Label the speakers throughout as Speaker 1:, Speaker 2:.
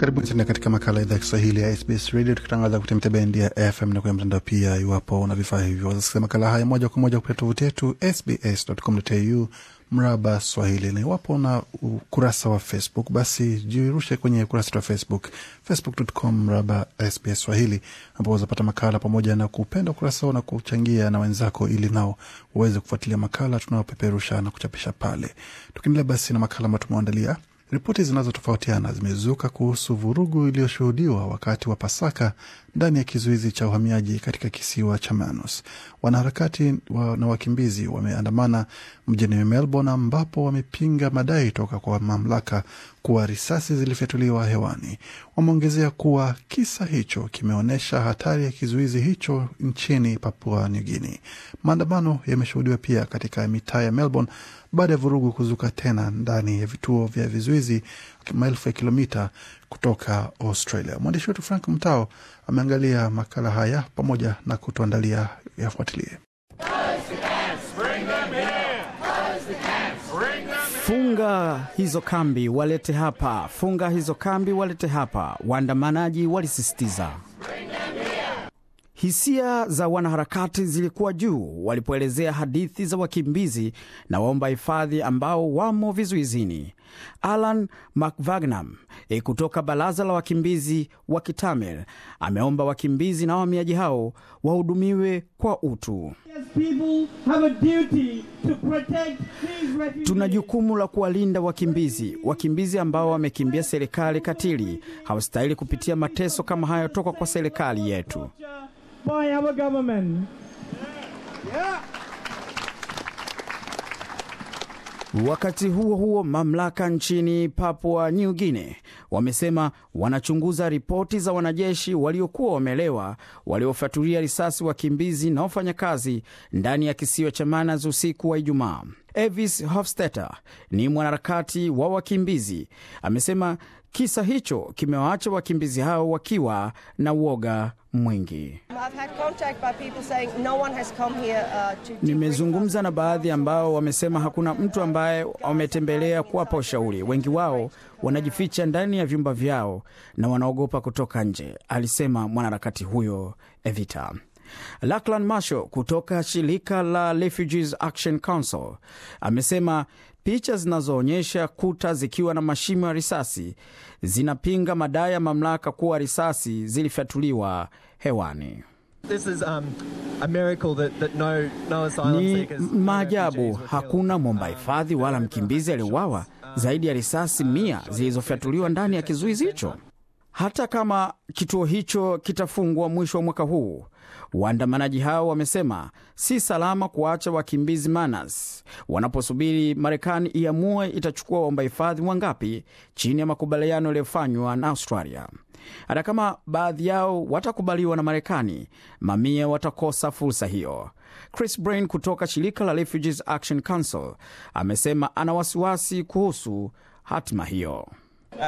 Speaker 1: Karibuni tena katika makala idhaa Kiswahili ya SBS Radio, tukitangaza kupitia mitabendi ya FM na kwenye mtandao pia. Iwapo una vifaa hivyo, wazasikiza makala haya moja kwa moja kupitia tovuti yetu sbs.com.au mraba Swahili, na iwapo una ukurasa wa Facebook basi jirushe kwenye ukurasa wa Facebook, facebook.com mraba SBS Swahili, ambao wazapata makala pamoja na kupenda ukurasa huo na kuchangia na wenzako, ili nao waweze kufuatilia makala tunaopeperusha na kuchapisha pale. Tukiendelea basi na makala ambayo tumeandalia Ripoti zinazotofautiana zimezuka kuhusu vurugu iliyoshuhudiwa wakati wa Pasaka ndani ya kizuizi cha uhamiaji katika kisiwa cha Manus. Wanaharakati wa na wakimbizi wameandamana mjini Melbourne, ambapo wamepinga madai toka kwa mamlaka kuwa risasi zilifyatuliwa hewani. Wameongezea kuwa kisa hicho kimeonyesha hatari ya kizuizi hicho nchini Papua New Guinea. Maandamano yameshuhudiwa pia katika mitaa ya Melbourne baada ya vurugu kuzuka tena ndani ya vituo vya vizuizi hizi maelfu ya kilomita kutoka Australia. Mwandishi wetu Frank Mtao ameangalia makala haya pamoja na kutuandalia yafuatilie.
Speaker 2: Funga hizo kambi, walete hapa! Funga hizo kambi, walete hapa! Waandamanaji walisisitiza. Hisia za wanaharakati zilikuwa juu walipoelezea hadithi za wakimbizi na waomba hifadhi ambao wamo vizuizini. Alan Mcvagnam eh, kutoka Baraza la Wakimbizi wa Kitamil ameomba wakimbizi na wahamiaji hao wahudumiwe kwa utu. Tuna jukumu la kuwalinda wakimbizi. Wakimbizi ambao wamekimbia serikali katili hawastahili kupitia mateso kama hayo toka kwa serikali yetu by our government. Yeah. Wakati huo huo, mamlaka nchini Papua New Guinea wamesema wanachunguza ripoti za wanajeshi waliokuwa wamelewa waliofyatulia risasi wakimbizi na wafanyakazi ndani ya kisiwa cha Manus usiku wa Ijumaa. Evis Hofstetter ni mwanaharakati wa wakimbizi, amesema Kisa hicho kimewaacha wakimbizi hao wakiwa na uoga mwingi.
Speaker 3: Uh,
Speaker 2: nimezungumza na baadhi ambao wamesema hakuna mtu ambaye wametembelea kuwapa ushauri. Wengi wao wanajificha ndani ya vyumba vyao na wanaogopa kutoka nje, alisema mwanaharakati huyo Evita. Lachlan Masho kutoka shirika la Refugees Action Council amesema picha zinazoonyesha kuta zikiwa na mashimo ya risasi zinapinga madai ya mamlaka kuwa risasi zilifyatuliwa hewani. This is, um, a miracle that, that no, no asylum seekers, ni maajabu. Hakuna mwomba hifadhi wala mkimbizi aliuawa zaidi ya risasi mia zilizofyatuliwa ndani ya kizuizi hicho hata kama kituo hicho kitafungwa mwisho wa mwaka huu. Waandamanaji hao wamesema si salama kuwaacha wakimbizi Manas wanaposubiri Marekani iamue itachukua waomba hifadhi wangapi chini ya makubaliano yaliyofanywa na Australia. Hata kama baadhi yao watakubaliwa na Marekani, mamia watakosa fursa hiyo. Chris Brain kutoka shirika la Refugees Action Council amesema ana wasiwasi kuhusu hatima hiyo.
Speaker 3: Uh,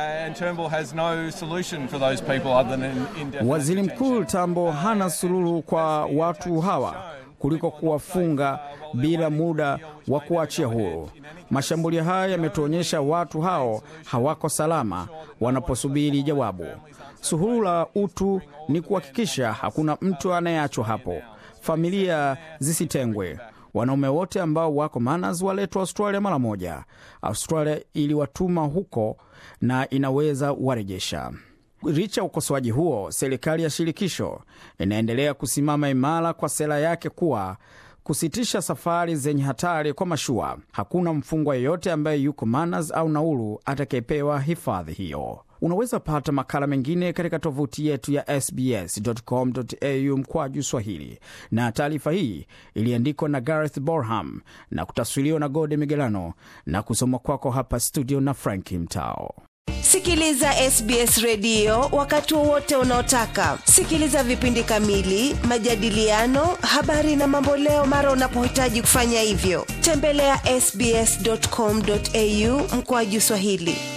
Speaker 3: Waziri Mkuu
Speaker 2: Tambo hana suluhu kwa watu hawa kuliko kuwafunga bila muda wa kuachia huru. Mashambulio haya yametuonyesha watu hao hawako salama wanaposubiri jawabu. Suhulu la utu ni kuhakikisha hakuna mtu anayeachwa hapo, familia zisitengwe. Wanaume wote ambao wako manas waletwa Australia mara moja. Australia iliwatuma huko na inaweza warejesha. Licha ukosoaji huo, serikali ya shirikisho inaendelea kusimama imara kwa sera yake kuwa kusitisha safari zenye hatari kwa mashua. Hakuna mfungwa yeyote ambaye yuko manas au Nauru atakayepewa hifadhi hiyo. Unaweza pata makala mengine katika tovuti yetu ya sbs.com.au mkwaju Swahili, na taarifa hii iliandikwa na Gareth Borham na kutaswiliwa na Gode migerano na kusomwa kwako hapa studio na Franki Mtao.
Speaker 3: Sikiliza SBS redio wakati wowote unaotaka. Sikiliza vipindi kamili, majadiliano, habari na mamboleo mara unapohitaji kufanya hivyo. Tembelea ya sbs.com.au mkoaji Swahili.